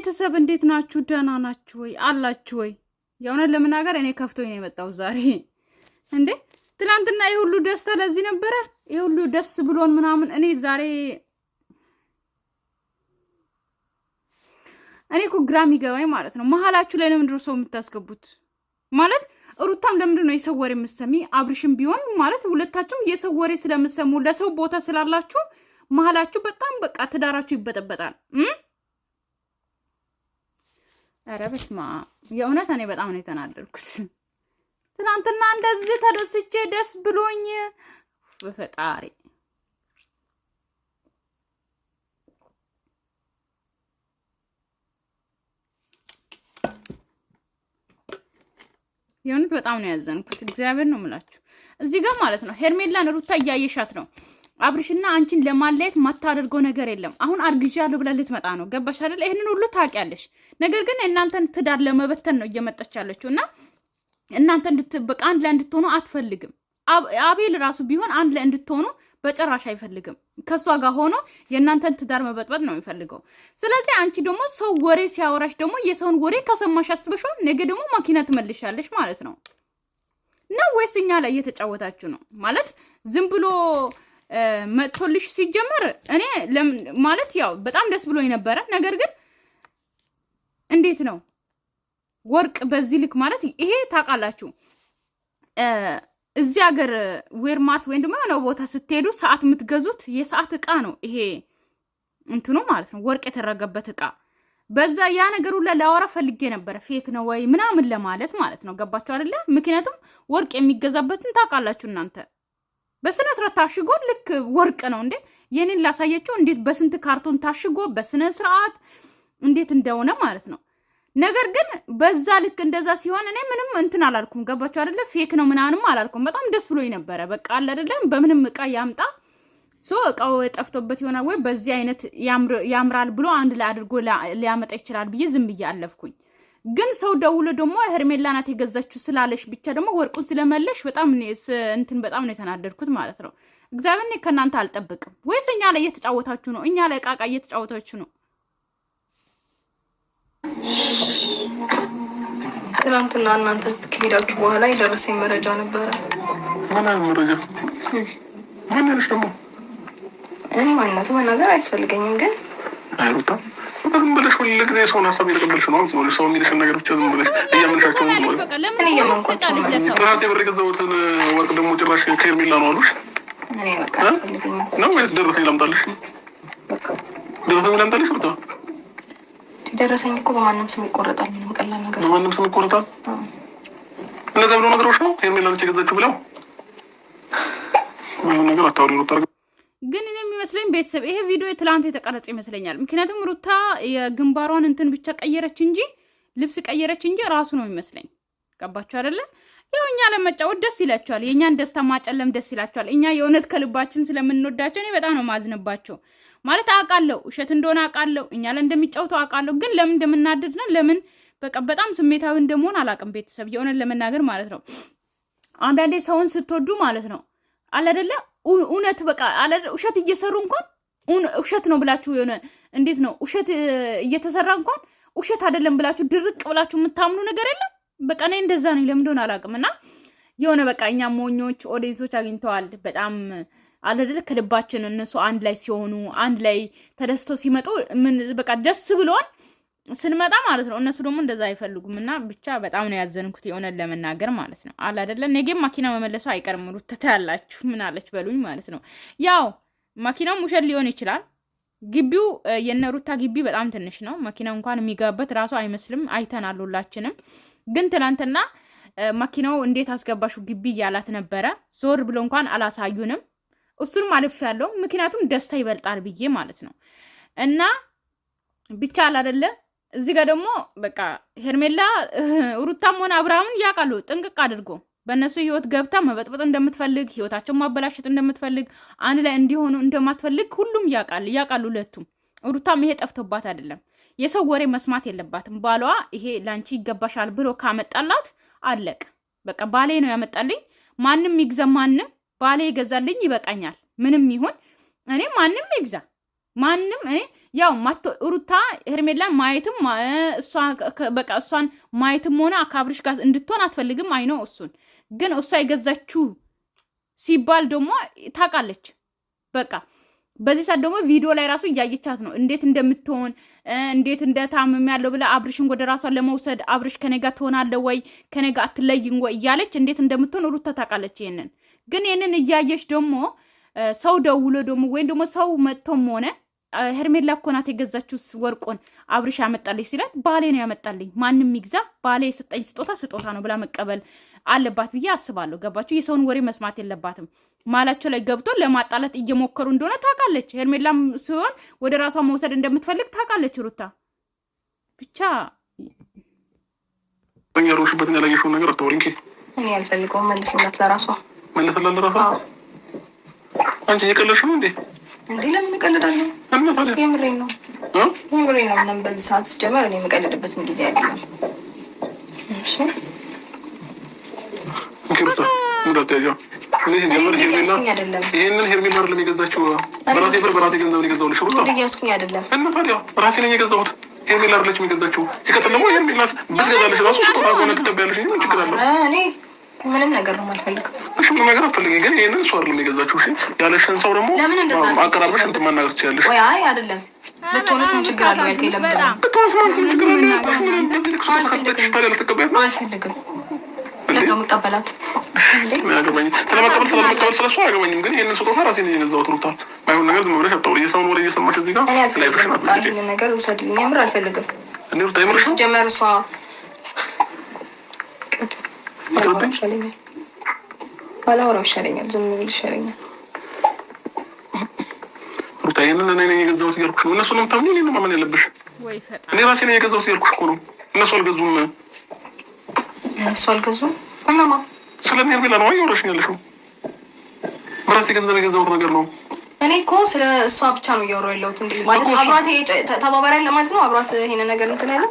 ቤተሰብ እንዴት ናችሁ? ደህና ናችሁ ወይ? አላችሁ ወይ? የእውነት ለመናገር እኔ ከፍቶኝ ነው የመጣው ዛሬ። እንዴ ትናንትና ይህ ሁሉ ደስታ ለዚህ ነበረ? ይህ ሁሉ ደስ ብሎን ምናምን እኔ ዛሬ እኔ እኮ ግራ ማለት ነው መሀላችሁ ላይ ለምንድን ሰው የምታስገቡት? ማለት ሩታም ለምንድን ነው የሰው ወሬ የምትሰሚ? አብርሽም ቢሆን ማለት ሁለታችሁም የሰው ወሬ ለሰው ቦታ ስላላችሁ መሀላችሁ በጣም በቃ ትዳራችሁ ይበጠበጣል። ኧረ በስመ አብ የእውነት እኔ በጣም ነው የተናደድኩት። ትናንትና እንደዚህ ተደስቼ ደስ ብሎኝ በፈጣሪ የእውነት በጣም ነው ያዘንኩት። እግዚአብሔር ነው የምላችሁ እዚህ ጋር ማለት ነው። ሄርሜላን ሩታ እያየሻት ነው አብርሽና አንቺን ለማለየት ማታደርገው ነገር የለም። አሁን አርግዣለሁ ብላ ልትመጣ ነው። ገባሽ አይደል? ይህንን ሁሉ ታውቂያለሽ። ነገር ግን እናንተን ትዳር ለመበተን ነው እየመጣች ያለችው እና እናንተ እንድትበቃ አንድ ላይ እንድትሆኑ አትፈልግም። አቤል ራሱ ቢሆን አንድ ላይ እንድትሆኑ በጭራሽ አይፈልግም። ከእሷ ጋር ሆኖ የእናንተን ትዳር መበጥበጥ ነው የሚፈልገው። ስለዚህ አንቺ ደግሞ ሰው ወሬ ሲያወራሽ ደግሞ የሰውን ወሬ ከሰማሽ አስበሽው ነገ ደግሞ መኪና ትመልሻለሽ ማለት ነው ነው ወይስ እኛ ላይ እየተጫወታችሁ ነው ማለት ዝም ብሎ መጥቶልሽ ሲጀመር እኔ ማለት ያው በጣም ደስ ብሎኝ ነበረ። ነገር ግን እንዴት ነው ወርቅ በዚህ ልክ ማለት ይሄ ታውቃላችሁ፣ እዚህ ሀገር ዌርማት ወይም ደግሞ የሆነ ቦታ ስትሄዱ ሰዓት የምትገዙት የሰዓት እቃ ነው ይሄ እንትኑ ማለት ነው ወርቅ የተረገበት እቃ በዛ ያ ነገር ሁላ ላወራ ፈልጌ ነበረ። ፌክ ነው ወይ ምናምን ለማለት ማለት ነው። ገባችሁ አይደለ? ምክንያቱም ወርቅ የሚገዛበትን ታውቃላችሁ እናንተ በስነ ስርዓት ታሽጎ ልክ ወርቅ ነው እንዴ! የኔን ላሳየችው እንዴት በስንት ካርቶን ታሽጎ በስነ ስርዓት እንዴት እንደሆነ ማለት ነው። ነገር ግን በዛ ልክ እንደዛ ሲሆን እኔ ምንም እንትን አላልኩም። ገባቸው አደለ? ፌክ ነው ምናምንም አላልኩም። በጣም ደስ ብሎኝ ነበረ። በቃ አለ አደለም? በምንም እቃ ያምጣ ሶ እቃው ጠፍቶበት ይሆናል ወይ በዚህ አይነት ያምራል ብሎ አንድ ላይ አድርጎ ሊያመጣ ይችላል ብዬ ዝም ብዬ አለፍኩኝ። ግን ሰው ደውሎ ደግሞ ሄርሜላ ናት የገዛችው ስላለሽ ብቻ ደግሞ ወርቁን ስለመለሽ በጣም እንትን በጣም ነው የተናደድኩት ማለት ነው። እግዚአብሔር ከእናንተ አልጠብቅም። ወይስ እኛ ላይ እየተጫወታችሁ ነው? እኛ ላይ ቃቃ እየተጫወታችሁ ነው። ትናንትና እናንተ ከሄዳችሁ በኋላ የደረሰኝ መረጃ ነበረ። መረጃ ደግሞ እኔ ማንነቱ መናገር አያስፈልገኝም ግን ዝም ብለሽ ሁልጊዜ ሰውን ሀሳብ እየተቀበልሽ ነው ማለት ነው። ሰው የሚልሽን ነገር ብቻ ዝም ብለሽ እያመንሻቸው ነው ማለት ነው። ብር የገዛሁትን ወርቅ ደግሞ ጭራሽ ከኤርሜላ ነው አሉሽ ነው ወይስ ደረሰኝ ላምጣልሽ? ደረሰኝ ላምጣልሽ? ብታ ደረሰኝ እኮ በማንም ስም ይቆረጣል። ምንም ቀላል ነገር በማንም ስም ይቆረጣል። እነዚያ ብለው ነገሮች ነው ኤርሜላ ነች የገዛችው ብለው ነገር አታወሪ ነው አድርገ ግን እኔ የሚመስለኝ ቤተሰብ ይሄ ቪዲዮ ትላንት የተቀረጸ ይመስለኛል። ምክንያቱም ሩታ የግንባሯን እንትን ብቻ ቀየረች እንጂ ልብስ ቀየረች እንጂ ራሱ ነው የሚመስለኝ። ገባችሁ አይደለ? ያው እኛ ለመጫወት ደስ ይላቸዋል። የእኛን ደስታ ማጨለም ደስ ይላቸዋል። እኛ የእውነት ከልባችን ስለምንወዳቸው እኔ በጣም ነው ማዝንባቸው። ማለት አውቃለሁ፣ ውሸት እንደሆነ አውቃለሁ፣ እኛ ላይ እንደሚጫወቱ አውቃለሁ። ግን ለምን እንደምናደድና ለምን በቃ በጣም ስሜታዊ እንደመሆን አላውቅም። ቤተሰብ የእውነት ለመናገር ማለት ነው አንዳንዴ ሰውን ስትወዱ ማለት ነው አለ አይደለ እውነት በቃ አለ ውሸት እየሰሩ እንኳን ውሸት ነው ብላችሁ የሆነ እንዴት ነው ውሸት እየተሰራ እንኳን ውሸት አይደለም ብላችሁ ድርቅ ብላችሁ የምታምኑ ነገር የለም። በቃ እኔ እንደዛ ነው ለምንደሆን አላውቅም። እና የሆነ በቃ እኛ ሞኞች ኦዲየንሶች አግኝተዋል በጣም አለደለ ከልባችን እነሱ አንድ ላይ ሲሆኑ አንድ ላይ ተደስተው ሲመጡ ምን በቃ ደስ ብሎን ስንመጣ ማለት ነው። እነሱ ደግሞ እንደዛ አይፈልጉም እና ብቻ በጣም ነው ያዘንኩት፣ የሆነን ለመናገር ማለት ነው። አላደለ ነገም ማኪና መመለሱ አይቀርም። ሩተታ ያላችሁ ምን አለች በሉኝ ማለት ነው። ያው ማኪናው ውሸት ሊሆን ይችላል። ግቢው የነሩታ ግቢ በጣም ትንሽ ነው። ማኪና እንኳን የሚገባበት ራሱ አይመስልም። አይተናል ሁላችንም። ግን ትናንትና ማኪናው እንዴት አስገባሹ ግቢ እያላት ነበረ። ዞር ብሎ እንኳን አላሳዩንም። እሱንም አልፍ ያለው ምክንያቱም ደስታ ይበልጣል ብዬ ማለት ነው እና ብቻ አላደለ እዚህ ጋር ደግሞ በቃ ሄርሜላ ሩታም ሆነ አብርሃምን ያውቃሉ ጥንቅቅ አድርጎ በእነሱ ህይወት ገብታ መበጥበጥ እንደምትፈልግ ህይወታቸውን ማበላሸት እንደምትፈልግ አንድ ላይ እንዲሆኑ እንደማትፈልግ ሁሉም ያውቃል ያውቃሉ ሁለቱም። ሩታም ይሄ ጠፍቶባት አይደለም። የሰው ወሬ መስማት የለባትም። ባሏ ይሄ ላንቺ ይገባሻል ብሎ ካመጣላት አለቅ። በቃ ባሌ ነው ያመጣልኝ፣ ማንም ይግዛ፣ ማንም ባሌ ይገዛልኝ፣ ይበቃኛል። ምንም ይሁን እኔ ማንም ይግዛ ማንም እኔ ያው ሩታ ሄርሜላን ማየትም በቃ እሷን ማየትም ሆነ ከአብርሽ ጋር እንድትሆን አትፈልግም። አይኖ እሱን ግን እሷ የገዛችው ሲባል ደግሞ ታውቃለች። በቃ በዚህ ሰዓት ደግሞ ቪዲዮ ላይ ራሱ እያየቻት ነው እንዴት እንደምትሆን እንዴት እንደታምም ያለው ብለ አብርሽን ወደ ራሷን ለመውሰድ አብርሽ ከነጋ ትሆናለ ወይ ከኔጋ አትለይን ወይ እያለች እንዴት እንደምትሆን ሩታ ታውቃለች። ይህንን ግን ይህንን እያየች ደግሞ ሰው ደውሎ ደግሞ ወይም ደግሞ ሰው መጥቶም ሆነ ሄርሜላ እኮ ናት የገዛችው ወርቆን አብርሽ ያመጣልኝ ሲላት ባሌ ነው ያመጣልኝ፣ ማንም ይግዛ ባሌ የሰጠኝ ስጦታ ስጦታ ነው ብላ መቀበል አለባት ብዬ አስባለሁ። ገባችሁ? የሰውን ወሬ መስማት የለባትም። ማላቸው ላይ ገብቶ ለማጣላት እየሞከሩ እንደሆነ ታውቃለች። ሄርሜላም ሲሆን ወደ ራሷ መውሰድ እንደምትፈልግ ታውቃለች። ሩታ ብቻ ያሮሽበትን ያላየሽውን ነገር አታወሪኝ። እኔ አልፈልገውም። መልስነት ለራሷ መልስላት ለራሷ። አንቺ እየቀለድሽ ነው እንዴ? እንዴ ለምን እቀልዳለሁ? የምሬ ነው የምሬ ነው። ምንም በዚህ ሰዓት ስጀመር እኔ የምቀልድበትን ጊዜ ያለ ይህንን ሄርሚ ማር ለሚገዛችው በራሴ ብር በራሴ ገንዘብ ሊገዛውልሽ ብሎ እያስኩኝ አይደለም እና ታዲያ ራሴ ነኝ የገዛሁት። ሄርሜላ አይደለችም የገዛችው። ሲቀጥል ደግሞ ሄርሜላ ብትገዛልሽ ራሱ ስጦታ ከሆነ ትቀበያለሽ። ችግር አለው ምንም ነገር ነው የማልፈልገው። እሺ ምንም ነገር አትፈልጊም፣ ግን ይህንን እሱ አይደለም የገዛችው። እሺ ያለሽን ሰው ደግሞ አቀራርበሽ እንትን መናገር ትችያለሽ። ወይ አይ አይደለም ብትሆንስ ምን ችግር አለው? ያልከኝ ለምን ብትሆንስ ምን ችግር አለው? አልፈልግም ነው የምቀበላት። ስለመቀበል ስለመቀበል ስለሱ ግን ይህንን ስጦታ ራሴ ነገር ነገር ውሰድልኝ። የምር አልፈልግም። ጀመር እሷ ይሻለኛል፣ ባላወራው ይሻለኛል፣ ዝም ብል ይሻለኛል። ሩታ ይህንን እኔ ነኝ የገዛሁት እያልኩሽ ነው። እነሱ ነው የምታምኚው፣ እኔን ነው ማመን ያለብሽ። እኔ ራሴ ነኝ የገዛሁት እያልኩሽ እኮ ነው። እነሱ አልገዙም፣ እነሱ አልገዙም። እናማ ስለ ሄርሜላ ነው እያወራሽኝ ያለሽው። በራሴ ገንዘብ የገዛሁት ነገር ነው። እኔ እኮ ስለ እሷ ብቻ ነው እያወራሁ ያለሁት። እንግዲህ ማለት አብሯት ተባባሪ ለማለት ነው። አብሯት ይሄንን ነገር እንትን ያለው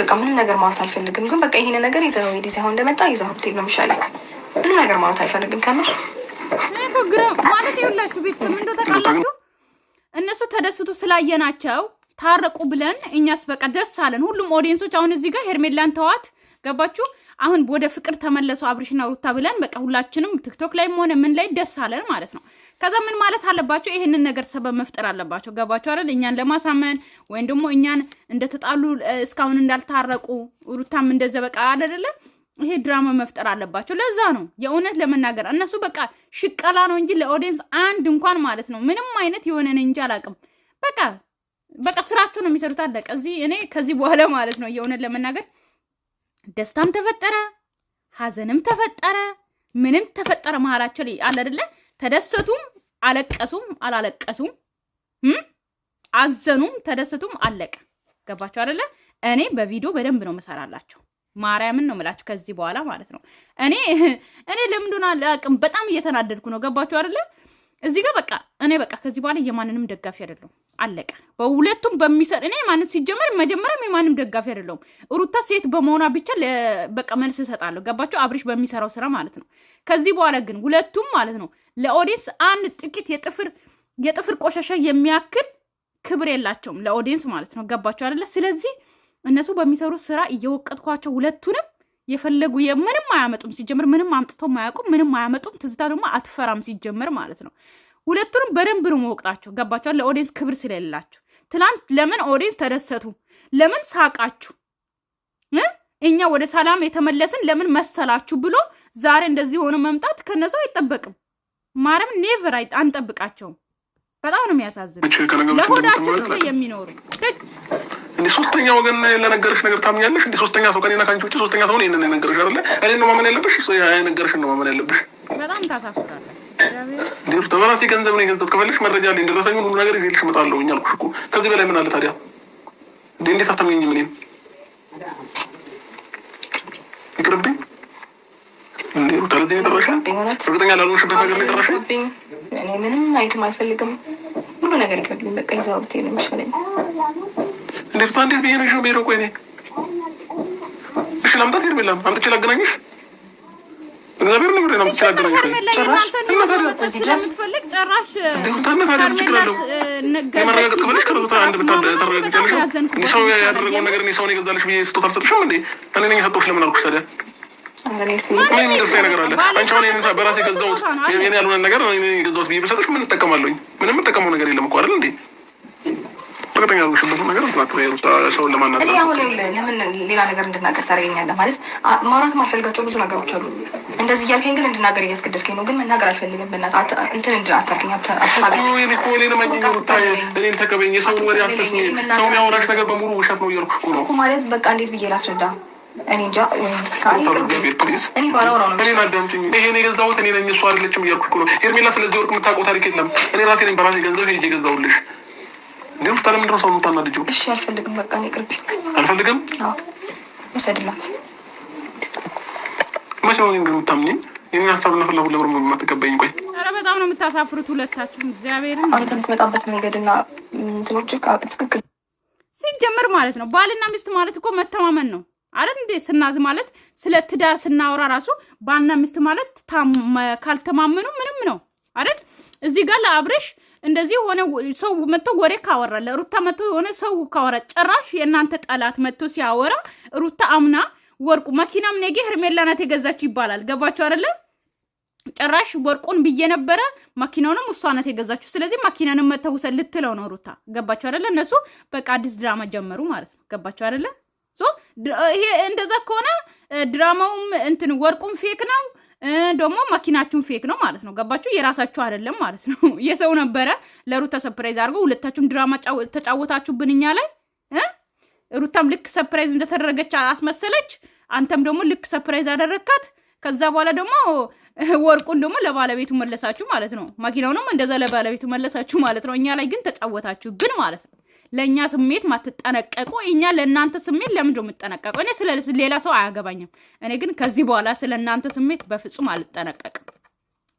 በቃ ምንም ነገር ማለት አልፈልግም። ግን በቃ ይሄን ነገር ይዘህ ወይ ዲዚ አሁን እንደመጣ ይዘህ ሆቴል ነው የሚሻለው። ምንም ነገር ማለት አልፈልግም ከምር ማለት ይኸውላችሁ፣ ቤተሰብ እንደው ታውቃላችሁ፣ እነሱ ተደስቶ ስላየናቸው ታረቁ ብለን እኛስ በቃ ደስ አለን። ሁሉም ኦዲየንሶች አሁን እዚህ ጋር ሄርሜላን ተዋት፣ ገባችሁ? አሁን ወደ ፍቅር ተመለሱ አብርሽና ሩታ ብለን በቃ ሁላችንም ቲክቶክ ላይም ሆነ ምን ላይ ደስ አለን ማለት ነው። ከዛ ምን ማለት አለባቸው? ይሄንን ነገር ሰበብ መፍጠር አለባቸው። ገባቸው አይደል? እኛን ለማሳመን ወይም ደግሞ እኛን እንደተጣሉ እስካሁን እንዳልታረቁ ሩታም እንደዘ በቃ አይደለ? ይሄ ድራማ መፍጠር አለባቸው። ለዛ ነው የእውነት ለመናገር እነሱ በቃ ሽቀላ ነው እንጂ ለኦዲየንስ አንድ እንኳን ማለት ነው ምንም አይነት የሆነን እንጂ አላውቅም። በቃ በቃ ስራቸው ነው የሚሰሩት። አለቀ። እዚህ እኔ ከዚህ በኋላ ማለት ነው የእውነት ለመናገር ደስታም ተፈጠረ ሀዘንም ተፈጠረ ምንም ተፈጠረ መሀላቸው አለ አይደለ ተደሰቱም አለቀሱም አላለቀሱም አዘኑም ተደሰቱም አለቀ። ገባችሁ አደለ እኔ በቪዲዮ በደንብ ነው መሰራላችሁ። ማርያምን ነው ምላችሁ ከዚህ በኋላ ማለት ነው። እኔ እኔ ለምንድን አላቅም በጣም እየተናደድኩ ነው። ገባችሁ አደለ እዚህ ጋር በቃ እኔ በቃ ከዚህ በኋላ የማንንም ደጋፊ አይደለሁም። አለቀ። በሁለቱም በሚሰጥ እኔ ማንም ሲጀመር መጀመሪያም የማንም ደጋፊ አይደለሁም። ሩታ ሴት በመሆኗ ብቻ በቃ መልስ እሰጣለሁ። ገባቸው አብሪሽ በሚሰራው ስራ ማለት ነው። ከዚህ በኋላ ግን ሁለቱም ማለት ነው ለኦዲንስ አንድ ጥቂት የጥፍር የጥፍር ቆሻሻ የሚያክል ክብር የላቸውም ለኦዲየንስ ማለት ነው። ገባቸው አይደለ? ስለዚህ እነሱ በሚሰሩ ስራ እየወቀጥኳቸው ሁለቱንም የፈለጉ ምንም አያመጡም። ሲጀምር ምንም አምጥተው ማያውቁም፣ ምንም አያመጡም። ትዝታ ደግሞ አትፈራም ሲጀምር ማለት ነው። ሁለቱንም በደንብ ነው መወቅጣቸው። ገባቸዋል። ለኦዲንስ ክብር ስለሌላቸው ትላንት ለምን ኦዲንስ ተደሰቱ? ለምን ሳቃችሁ? እኛ ወደ ሰላም የተመለስን ለምን መሰላችሁ ብሎ ዛሬ እንደዚህ ሆኖ መምጣት ከነሱ አይጠበቅም። ማረም ኔቨር አንጠብቃቸውም። በጣም ነው የሚያሳዝኑ። ለሆዳቸው ብቻ የሚኖሩ እንዲህ ሶስተኛ ወገን ለነገረሽ ነገር ታምኛለሽ? እንዲህ ሶስተኛ ሰው ከኔና ከአንቺ ውጭ ሶስተኛ ሰውን ይህንን የነገረሽ አለ። እኔ ነው ማመን ያለብሽ፣ ነገረሽን ነው ማመን ያለብሽ። በጣም ታሳፍራለ በራሴ ገንዘብ ነው የገዛሁት። ከፈለግሽ መረጃ አለኝ፣ ደረሰኝ ሁሉ ነገር ይዤልሽ እመጣለሁ አልኩሽ እኮ። ከዚህ በላይ ምን አለ ታዲያ? እንዴ እንዴት አታምኘኝም? እኔም ይቅርብኝ። ሩታ ለዚህ የደረሽ እርግጠኛ ላልሆንሽበት ነገር የደረሽ እኔ ምንም አይትም አልፈልግም። ሁሉ ነገር ይከብኝ በቃ ይዛው ብቴ ነው የሚሻለኝ። እንዴት ብዬሽ ነው የምሄደው? ቆይ እኔ እሺ ላምጣት ሄድ ላም አምጥቼ ላገናኝሽ እግዚአብሔር ነው ብሬ ነው ሰው ያደረገውን ነገር እኔ ሰውን የገዛልሽ ብዬ ስጦታ አልሰጥሽም እንዴ? እኔ ነኝ የሰጠሁሽ ለምን አልኩሽ ታዲያ? ምን የሚደርሰኝ ነገር አለ? አንቺ አሁን በራሴ የገዛሁት የኔ ያልሆነ ነገር የገዛሁት ብዬ ብሰጥሽ ምን እጠቀማለሁኝ? ምንም የምጠቀመው ነገር የለም እኮ አይደል እንዴ? እርግጠኛ ያልኩሽበትን ነገር ሰውን ለማናገር እኔ አሁን ለምን ሌላ ነገር እንድናገር ታደርገኛለህ? ማለት ማውራት ማልፈልጋቸው ብዙ ነገሮች አሉ። እንደዚህ እያልከኝ ግን እንድናገር እያስገደድከኝ ነው። ግን መናገር አልፈልግም። በእናትህ እንትን እንድን አታርገኝ። እኔን ተቀበኝ። የሰውን ወሬ አትስሚ። ሰው የሚያወራሽ ነገር በሙሉ ውሸት ነው እያልኩሽ እኮ ነው። ማለት በቃ እንዴት ብዬ ላስረዳ? እኔ እንጃ። እኔ ባላወራው ነው። እኔን አዳምጪኝ። ይሄን የገዛሁት እኔ ነኝ፣ እሷ አይደለችም እያልኩሽ እኮ ነው ሄርሜላ። ስለዚህ ወርቅ የምታውቀው ታሪክ የለም። እኔ ራሴ ነኝ በራሴ ገንዘብ ሄጄ የገዛሁልሽ ግን ታዲያ ምንድን ነው ሰው እሺ አልፈልግም፣ በቃ እኔ ቅርብ አልፈልግም። ውሰድላት። መቼ ነው ግን የምታምኚኝ? ሀሳብ ሀሳብና ፍላጎት ለምርም የማትቀበኝ? ቆይ ኧረ በጣም ነው የምታሳፍሩት ሁለታችሁም። እግዚአብሔርን አንተ የምትመጣበት መንገድና ትኖች ትክክል ሲጀምር ማለት ነው። ባልና ሚስት ማለት እኮ መተማመን ነው አይደል እንዴ? ስናዝ ማለት ስለ ትዳር ስናወራ ራሱ ባልና ሚስት ማለት ካልተማመኑ ምንም ነው አይደል? እዚህ ጋር ለአብረሽ እንደዚህ የሆነ ሰው መጥቶ ወሬ ካወራለ ሩታ መጥቶ የሆነ ሰው ካወራ ጭራሽ የእናንተ ጠላት መጥቶ ሲያወራ ሩታ አምና ወርቁ መኪናም ነገ ሄርሜላ ናት የገዛችው ይባላል። ገባችሁ አይደለ? ጭራሽ ወርቁን ብዬ ነበረ መኪናውንም እሷ ናት የገዛችሁ። ስለዚህ መኪናንም መተውሰ ልትለው ነው ሩታ። ገባችሁ አይደለ? እነሱ በቃ አዲስ ድራማ ጀመሩ ማለት ነው። ገባችሁ አይደለ? ይሄ እንደዛ ከሆነ ድራማውም እንትን ወርቁም ፌክ ነው ደግሞ መኪናችሁን ፌክ ነው ማለት ነው። ገባችሁ? የራሳችሁ አይደለም ማለት ነው። የሰው ነበረ ለሩታ ሰፕራይዝ አድርገው ሁለታችሁም ድራማ ተጫወታችሁብን እኛ ላይ። ሩታም ልክ ሰፕራይዝ እንደተደረገች አስመሰለች። አንተም ደግሞ ልክ ሰፕራይዝ አደረግካት። ከዛ በኋላ ደግሞ ወርቁን ደግሞ ለባለቤቱ መለሳችሁ ማለት ነው። መኪናውንም እንደዛ ለባለቤቱ መለሳችሁ ማለት ነው። እኛ ላይ ግን ተጫወታችሁብን ማለት ነው። ለእኛ ስሜት ማትጠነቀቁ፣ እኛ ለእናንተ ስሜት ለምንድ የምጠነቀቁ? እኔ ስለ ሌላ ሰው አያገባኝም። እኔ ግን ከዚህ በኋላ ስለ እናንተ ስሜት በፍጹም አልጠነቀቅም።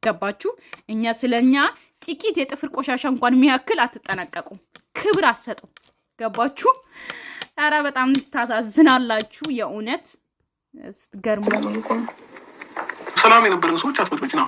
ገባችሁ? እኛ ስለ እኛ ጥቂት የጥፍር ቆሻሻ እንኳን የሚያክል አትጠነቀቁም፣ ክብር አትሰጡም። ገባችሁ? ኧረ በጣም ታሳዝናላችሁ የእውነት ስትገርሙ። ሰላም የነበረን ሰዎች አትበጭበጭ ነው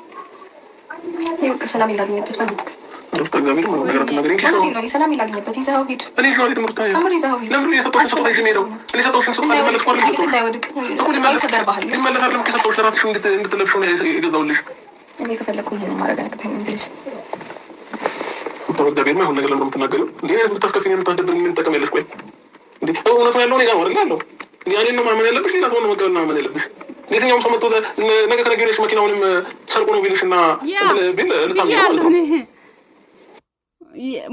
ሰላም የላገኘበት ማለት ነው። ሰላም የላገኘበት ይዘኸው የትኛውም ሰው መጥቶ ነገ ከነገ ወዲያ መኪናውንም ሰርቆ ነው ቢልሽ እና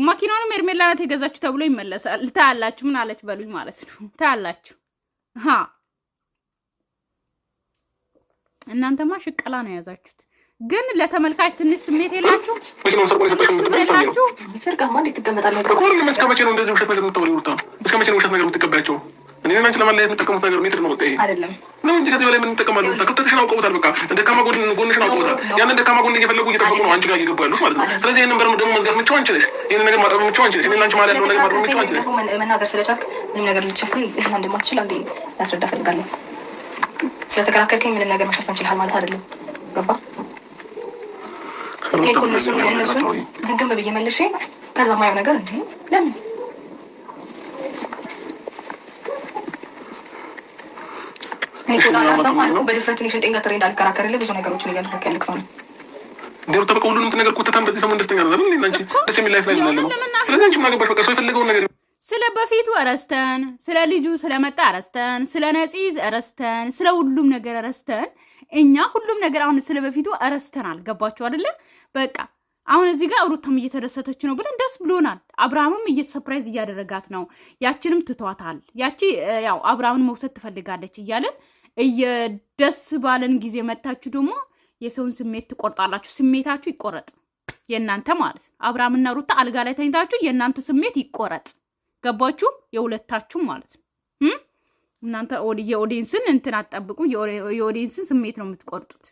መኪናውንም ሄርሜላ ናት የገዛችሁ ተብሎ ይመለሳል። ታያላችሁ። ምን አለች በሉኝ ማለት ነው። ታያላችሁ። እናንተማ ሽቀላ ነው የያዛችሁት። ግን ለተመልካች ትንሽ ስሜት የላችሁ። መኪናውን ሰርቆ የሰጠሽ እንዴት ትቀመጣለህ? እስከ መቼ ነው እንደዚህ ውሸት ነገር የምታወሪው? ነው ውሸት ነገር የምትቀበያቸው? እኔ አንቺ ለማለያየት የምጠቀሙት ነገር ሜትር ነው። በቃ ይሄ አይደለም ነው እንጂ ከዚህ በላይ ምን እንጠቀማለን? ክፍተትሽን አውቀውታል። በቃ ደካማ ጎን ጎንሽን አውቀውታል። ያንን ደካማ ጎን እየፈለጉ እየጠበቁ ነው አንቺ ጋር እየገቡ ያሉት ማለት ነው። ስለዚህ ይህንን በር ደግሞ መዝጋት ምቸው አንቺ ነሽ። ነገር ማጠብ ምቸው አንቺ ነሽ። እኔና አንቺ መሀል ነገር ማጠብ ምቸው አንቺ መናገር ስለቻልክ ምንም ነገር ልትሸፍን እንደማትችል አንዴ ላስረዳ እፈልጋለሁ። ስለተከራከርከኝ ምንም ነገር መሸፈን ችልሃል ማለት አይደለም። ገባ እነሱን ግግም ብዬ መልሼ ከዛ ማየው ነገር እንዲ ለምን በዲፍረንት ነገሮችን እያደረግ ነው። ሁሉንም ነገር ኮተታን በዚህ ሰሞን ደስተኛ ነው። ለምን ደስ የሚል ላይፍ ላይ ነው። ስለዚህ አንቺ ማገባሽ በቃ ሰው የፈለገውን ነገር ስለ በፊቱ እረስተን፣ ስለ ልጁ ስለመጣ እረስተን፣ ስለ ነፂ እረስተን፣ ስለ ሁሉም ነገር እረስተን፣ እኛ ሁሉም ነገር አሁን ስለ በፊቱ እረስተናል። ገባችሁ አደለ? በቃ አሁን እዚህ ጋር ሩታም እየተደሰተች ነው ብለን ደስ ብሎናል። አብርሃምም እየሰፕራይዝ እያደረጋት ነው። ያችንም ትቷታል። ያቺ ያው አብርሃምን መውሰድ ትፈልጋለች እያለን እየደስ ባለን ጊዜ መታችሁ ደግሞ የሰውን ስሜት ትቆርጣላችሁ። ስሜታችሁ ይቆረጥ የእናንተ ማለት ነው። አብርሃምና ሩታ አልጋ ላይ ተኝታችሁ የእናንተ ስሜት ይቆረጥ። ገባችሁ? የሁለታችሁም ማለት ነው። እናንተ የኦዲንስን እንትን አትጠብቁም። የኦዲንስን ስሜት ነው የምትቆርጡት።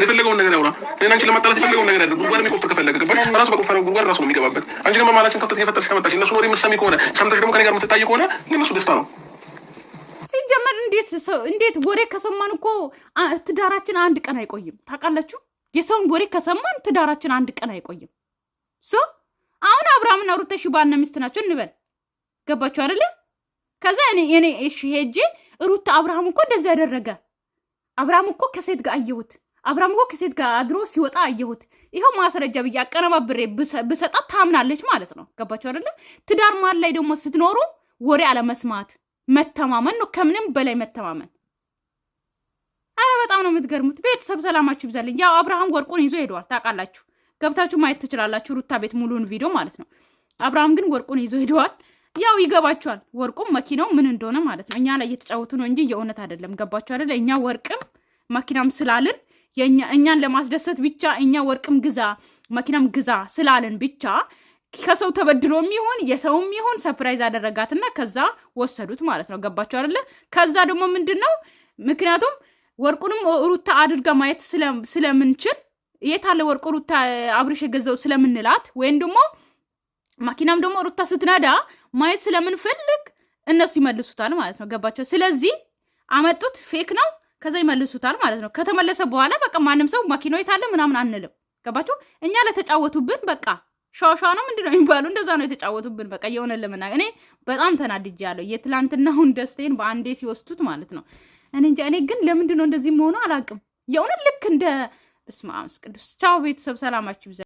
የፈለገውን ነገር ያውራ። እኔን አንቺን ለማጣላት የፈለገውን ነገር ያደርግ። ጉድጓድ የሚቆፍር ከፈለገ ገባሽ? ራሱ በቆፈረው ጉድጓድ ራሱ ነው የሚገባበት። አንቺን መማላችን ከፍተት የፈጠርሽ ከመጣሽ እነሱ ወሬ የምትሰሚ ከሆነ ሰምተሽ ደግሞ ከኔ ጋር የምትታይ ከሆነ የእነሱ ደስታ ነው። እንዴት እንዴት ወሬ ከሰማን እኮ ትዳራችን አንድ ቀን አይቆይም። ታውቃላችሁ፣ የሰውን ወሬ ከሰማን ትዳራችን አንድ ቀን አይቆይም። ሶ አሁን አብርሃምና ሩታ እሺ ባልና ሚስት ናቸው እንበል። ገባችሁ አይደለ? ከዛ እኔ እኔ እሺ ሄጄ ሩታ አብርሃም እኮ እንደዚህ ያደረገ አብርሃም እኮ ከሴት ጋር አየሁት፣ አብርሃም እኮ ከሴት ጋር አድሮ ሲወጣ አየሁት፣ ይኸው ማስረጃ ብዬ አቀነባብሬ ብሰጣት ታምናለች ማለት ነው። ገባችሁ አይደለ? ትዳር መሃል ላይ ደግሞ ስትኖሩ ወሬ አለመስማት መተማመን ነው፣ ከምንም በላይ መተማመን። አረ በጣም ነው የምትገርሙት። ቤተሰብ ሰላማችሁ ይብዛልኝ። ያው አብርሃም ወርቁን ይዞ ሄደዋል፣ ታውቃላችሁ። ገብታችሁ ማየት ትችላላችሁ፣ ሩታ ቤት ሙሉን ቪዲዮ ማለት ነው። አብርሃም ግን ወርቁን ይዞ ሄደዋል። ያው ይገባችኋል፣ ወርቁም መኪናው ምን እንደሆነ ማለት ነው። እኛ ላይ እየተጫወቱ ነው እንጂ የእውነት አይደለም። ገባችሁ አይደለ? እኛ ወርቅም መኪናም ስላልን እኛን ለማስደሰት ብቻ እኛ ወርቅም ግዛ መኪናም ግዛ ስላልን ብቻ ከሰው ተበድሮም ይሁን የሰውም ይሁን ሰፕራይዝ አደረጋትና ከዛ ወሰዱት ማለት ነው። ገባቸው አይደለ? ከዛ ደግሞ ምንድን ነው ምክንያቱም ወርቁንም ሩታ አድርጋ ማየት ስለምንችል የት አለ ወርቁ ሩታ አብርሽ የገዛው ስለምንላት ወይም ደግሞ መኪናም ደግሞ ሩታ ስትነዳ ማየት ስለምንፈልግ እነሱ ይመልሱታል ማለት ነው። ገባቸው? ስለዚህ አመጡት፣ ፌክ ነው። ከዛ ይመልሱታል ማለት ነው። ከተመለሰ በኋላ በቃ ማንም ሰው መኪናው የት አለ ምናምን አንልም። ገባቸው? እኛ ለተጫወቱብን በቃ ሸዋሸዋ ነው ምንድነው የሚባሉ እንደዛ ነው የተጫወቱብን። በቃ የሆነ ለመናገር እኔ በጣም ተናድጄ ያለው የትላንትናውን ደስታዬን በአንዴ ሲወስዱት ማለት ነው። እኔ እንጃ። እኔ ግን ለምንድነው እንደዚህ መሆኑ አላውቅም። የእውነት ልክ እንደ እስማ ቅዱስ ቻው ቤተሰብ ሰላማችሁ